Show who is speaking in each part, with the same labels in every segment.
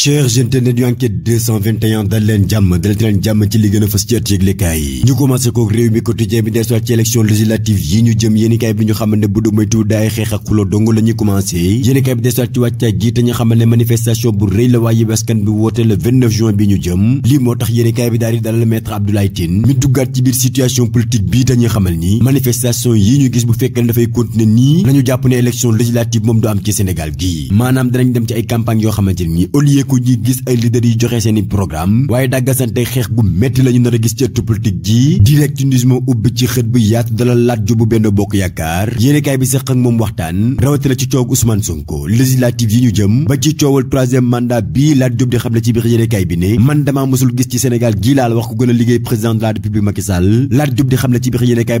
Speaker 1: chers internet yu enquête 221 dal leen jàmm dal leen jàmm ci li gën a fës ci ëtt yëglekaay yi ñu commencé kook réew mi quotidien bi dellusiwaat ci élection législative yi ñu jëm yéenekaay bi ñu xamal ne bu du moytu xeex ak xuloo dong la ñuy commencé bi dellusiwaat ci wàccaay gi te ñu xamal ne manifestation bu rëy la waaye askan bi woote le 29 juin bi ñu jëm lii moo tax yéenekaay bi daal di dalal maître Abdoulaye Tine mi duggaat ci biir situation politique bii te ñu xamal ni manifestation yi ñu gis bu fekkee dafay yoo xamante ni au lieu ko ñuy gis ay leader yi joxe seeni programme waaye dàggasante xeex gu métti la ñu nar a ji direct news ubbi ci xët bu yaatu dala laaj jóbu benn bokk yaakaar yéenekaay bi sax ak moom waxtaan rawatina ci coow Ousmane Sonko législative yi ñu jëm ba ci coowal troisième mandat bii laaj di xam ne ci biir yéenekaay bi ne man damaa mosul gis ci Sénégal gii laal wax ku gën a liggéey président de la République Macky Sall laaj jóob di xam ne ci biir yéenekaay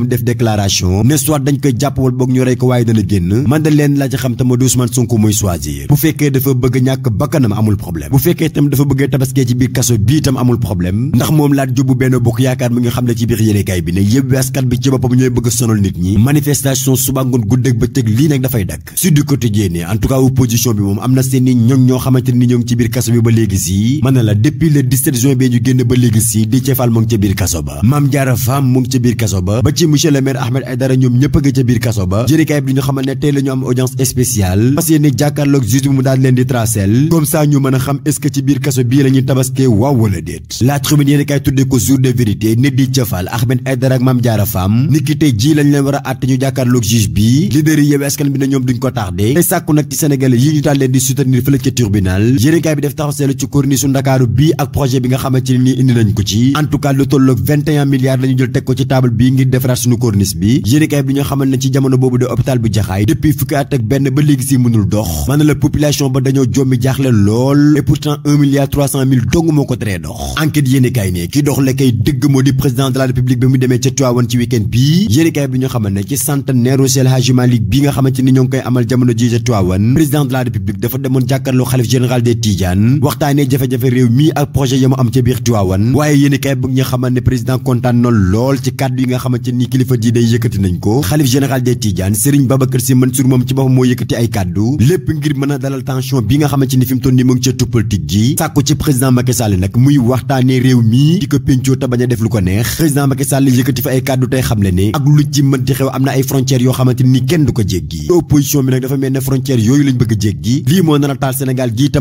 Speaker 1: boppam def déclaration ne soit dañ koy jàpp boog ñu rey ko waaye dana génn man da xam tama du Ousmane Sonko mooy bu fekkee dafa bëgg ñàkk bakkanam amul problème bu fekkee itam dafa bëgg tabaskee ci biir kaso bi itam amul problème ndax moom laaj jubbu benn bokk yaakaar mi nga xam ci biir yéenekaay bi ne yëpp bi ci boppam ñooy bëgg sonal nit ñi manifestation suba ngoon guddeeg bëccëg lii nag dafay dakk su du quotidien ne en monsieur le maire Ahmed Aïdara ñoom ñëpp ca biir kaso ba jërikaay bi ñu xamal ne tey la am audience spéciale parce que yéen jàkkaarloog bi mu daal leen di tracel comme ça ñu mën a xam est ci biir kaso bii la ñuy waaw wala déet la tribune yéen kaay tuddee ko jour de vérité nit di jëfal Ahmed Aïdara ak Mame Diarra Fam ni ki jii lañ leen war àtte ñu jàkkaarloog juge bi leader yi yow bi na ñoom duñ ko tardé te sàkku sunu corniche bi yéenekaay bi ñu xamal ne ci jamono boobu de hôpital bu jaxaay depuis fukki at benn ba léegi si mënul dox maanaam la ba dañoo jommi jaaxle lool et pourtant un milliard trois cent mille dong moo ko teree dox enquête yéenekaay ne ki dox la kay dëgg moo di président de la république bi mu demee ca Tivaouane ci week-end bii yéenekaay bi ñu xamal ne ci centenaire Cheikh Hadji bi nga xamante ni ñoo ngi koy amal jamono ji ca Tivaouane président de la république dafa demoon jàkkaarloo xalif général des am ca biir Tivaouane waaye yéenekaay bi ne président kontaan na lool ci kàddu nga xamante ni kilifa diine yëkkati nañ ko xalif général des Tidianes Serigne Babacar Sy Mansour moom ci boppam moo yëkkati ay kàddu lépp ngir mën a dalal tension bi nga xamante ni fi mu toll nii mu ngi ca tu ji sàkku ci président Macky Sall nag muy waxtaanee réew mi di ko péncoo te bañ a def lu ko neex président Macky Sall yëkkati fa ay kàddu tey xamle ne ak lu ci mënti xew am na ay frontières yooyu lañ bëgg a jéggi lii moo nar taal Sénégal gii te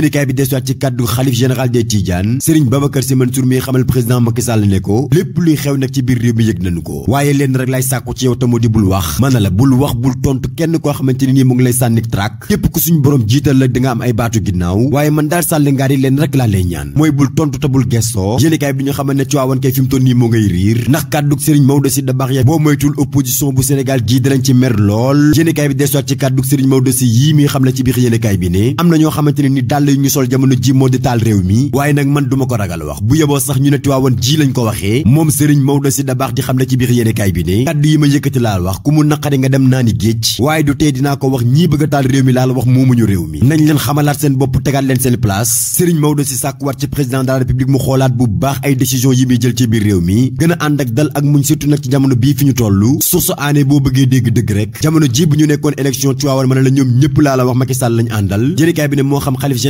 Speaker 1: nag yéenekaay bi desuwaat ci kàddu xalif général des Tidiane Serigne Babacar Sy Mansour mi xamal président Macky Sall ne ko lépp luy xew nag ci biir réew mi yëg nañu ko waaye leen rek lay sàkku ci yow tamoo di bul wax mën na la bul wax bul tontu kenn koo xamante nii mu ngi lay sànni traak képp ku suñu borom jiital la di am ay baatu ginnaaw waaye man daal Sall ngaar leen rek laa lay ñaan mooy bul tontu te gestoo yéenekaay dàll ñu sol jamono ji moo di taal réew mi waaye nag man duma ko ragal wax bu yeboo sax ñu ne Tiwaawan ji lañ ko waxee moom Serigne Maodo Sy Dabakh di xam ne ci biir yéenekaay bi ne kaddu yi ma yëkkati laal wax ku mu naqari nga dem naani géej waaye du tey dinaa ko wax ñii bëgg taal réew mi laal wax moomuñu réew mi nañ leen xamalaat seen bopp tegaat leen seen place Serigne Maodo Sy sàkkuwaat ci président de la mu xoolaat bu baax ay décision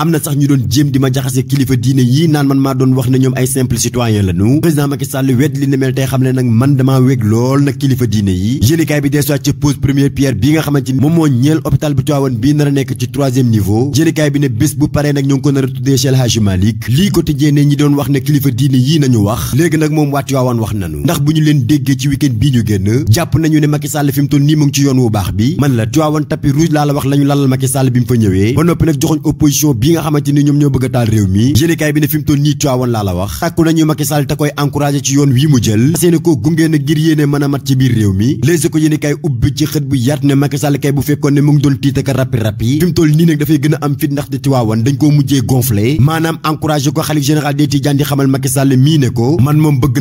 Speaker 1: am na sax ñu doon jéem di ma jaxase kilifa diine yii naan man maa doon wax ne ñoom ay simple citoyen la ñu président Macky Sall li ne mel tey xam ne nag man damaa wég lool nag kilifa diine yi yéenekaay bi desuwaat ci pose première pierre bi nga xamante ni moom moo ñeel hôpital bu Tivaouane bii nar a nekk ci troisième niveau yéenekaay bi ne bés bu paree nag ñoo ko nar a tuddee Cheikh Hadji Malick lii quotidien ne ñi doon wax ne kilifa diine yii nañu wax léegi nag moom waa Tivaouane wax nañu ndax bu ñu leen déggee ci week-end bii ñu génn jàpp nañu ne Macky Sall fi mu toll nii mu ngi ci yoon wu baax bi man la Tivaouane bi nga xamante ne ñoom ñoo bëgg a taal réew mi yéenekaay bi ne fi toll nii Tiwaawan laa la wax xàkku nañu Macky te koy encouragé ci yoon wi mu jël seeni ko gungee na ngir yéene mën a mat ci biir réew mi Les Échos yéenekaay ubbi ci xët bu yaat ne Macky bu fekkoon ne mu ngi doon tiit ak rappi rappi toll nii nag dafay gën a am fit ndax di Tiwaawan dañ koo mujjee gonflé maanaam encouragé ko xalif général des Tidianes di xamal Macky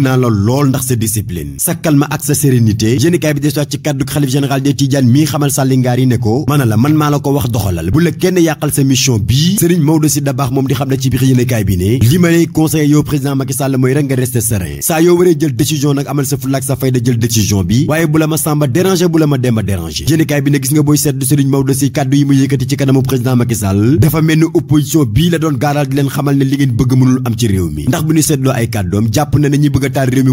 Speaker 1: naa lool ndax sa discipline sa ak sa sérénité yéenekaay bi des ci kaddu xalif général des Tidianes mii xamal Sall ngaar yi ne ko mën a la man maa la ko wax doxalal bu la kenn yàqal sa Serigne Maodo Sy Dabakh moom di xam ne ci biir yéenekaay bi ne li ma lay conseillé yow président Macky Sall mooy rek nga rester serein saa yoo waree jël décision nag amal sa fulla ak sa fayda jël décision bi waaye bu la ma sàmba déranger bu la ma demba déranger yéenekaay bi ne gis nga booy seetlu Serigne Maodo Sy kàddu yi mu yëkkati ci kanamu président Macky dafa mel ni opposition bii la doon gaaral di leen xamal ne li ngeen bëgg mënul am ci réew mi ndax bu ñu a taal réew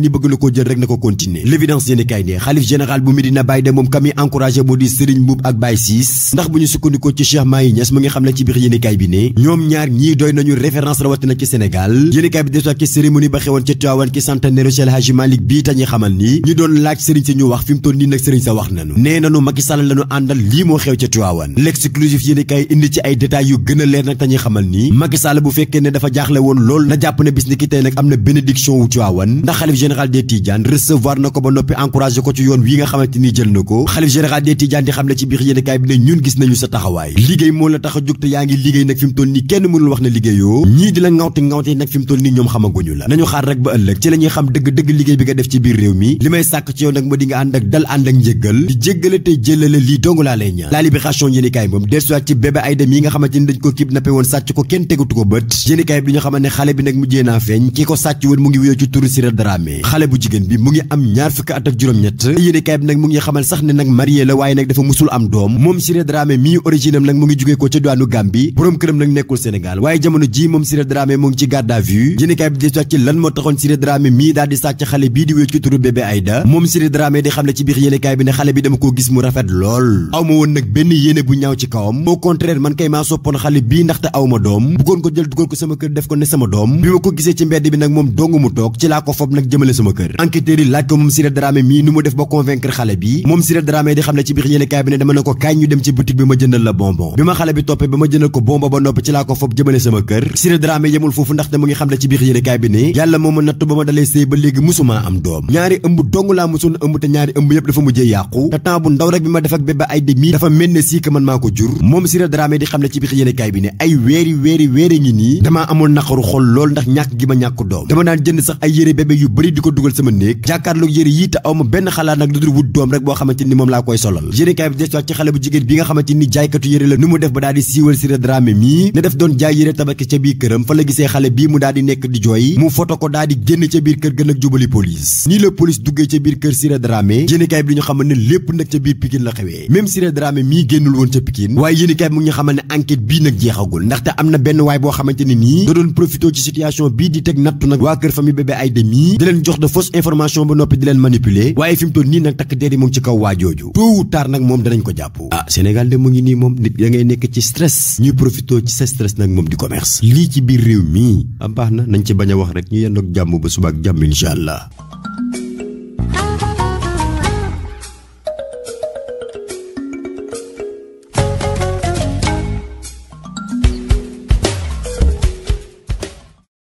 Speaker 1: mi moo Medina Baye de moom kami encouragé moo di Serigne Mboup ak Baye Ciss ndax bu ñu sukkandikoo ci Cheikh Mahi Niass mu ngi xam ne ci biir yéenekaay bi ne ñoom ñaar ñii doy nañu référence rawatina ci Sénégal yéenekaay bi desuwaat ci cérémonie ba xewoon ci ci centenaire Cheikh Hadji Malick bii tañuy xamal ni ñu doon laaj Serigne si ñu wax fi mu nii nag Serigne sa wax nanu nee nanu Macky lañu àndal lii moo xew ci Tivaouane ci ay détails yu gën leer nag tañuy xamal ni xamante jël na ko xalif général des Tidianes di xam ne ci biir yéenekaay bi ne ñun gis nañu sa taxawaay liggéey moo la tax a te yaa ngi liggéey nag fi mu nii kenn mënul wax ne liggéeyoo ñii di la ngawte nag fi mu nii ñoom xamaguñu la nañu xaar rek ba ëllëg ci la xam dëgg dëgg liggéey bi nga def ci biir réew mi li may sàkk ci yow nag ma di ànd ak dal ànd ak njéggal di jéggale te jëlale lii dong laa lay ñaar fukki at ak mu ngi xamal sax ne nag marié la waaye nag dafa musul am doom moom Siré Dramé mii origine am nag mu ngi jugee ko ci garde à bi des ci lan moo ci turu bébé Aïda moom Siré Dramé ci biir yéenekaay bi ne xale bi dama koo gis mu rafet lool aw ma woon nag benn yéene bu xale bii ndaxte aw doom bëggoon ko jël dugal ko sama kër def ko ne sama doom bi ma ko gisee ci mbedd bi nag moom dong toog ci laa ko fob nag jëmale sama kër enquêteur xale bi moom Cyril Dramé di xam ne ci biir yéenekaay bi ne dama ne ko kaay ñu dem ci boutique bi ma jëndal la bonbon bi ma xale bi toppee ba ma jëndal ko bonbon ba noppi ci laa ko fob jëmale sama kër Cyril Dramé yemul foofu ndaxte mu ngi xam ne ci biir yéenekaay bi ne yàlla moo ma natt ba ma dalee sëy ba léegi musuma am doom ñaari ëmb dong laa musoon ëmb te ñaari ëmb yëpp dafa mujjee yàqu te temps bu ndaw rek bi ma def ak bébé ay demi dafa mel ne sii que man maa ko jur moom Cyril Dramé di xam ne ci biir yéenekaay bi ne ay weeri weeri weeri ngi nii damaa amoon naqaru xol lool ndax ñàkk gi ma ñàkk doom dama daan jënd sax ay yére bébé yu bari di ko dugal sama néeg jàkkaarloog yére yii te awma benn xalaat nag lu dul wut doom rek boo xamante ni moom laa koy solal yéenekaay bi des ci xale bu jigéen bi nga xamante ni jaaykatu yére la nu mu def ba daal siiwal Siré Dramé mii ne def doon jaay yére tabaski ca biir këram fa la gisee xale bii mu daal di ca biir kër gën ak jubali police nii la police duggee ca biir kër Siré Dramé yéenekaay bi ñu xamal ne lépp nag ca biir Pikine la xewee même Siré Dramé mii génnul woon ca Pikine waaye yéenekaay bi mu ngi xamal ni fekkee di mu ngi ci kaw waajooju tôt ou tard nag moom danañ ko jàpp ah Sénégal de mu ngi nii moom nit ya ngay nekk ci stress ñuy profitoo ci sa stress nag moom di commerce lii ci biir réew mii am ah, baax na nañ ci bañ a wax rek ñu yendoog jàmm ba subaak jàmm incha allah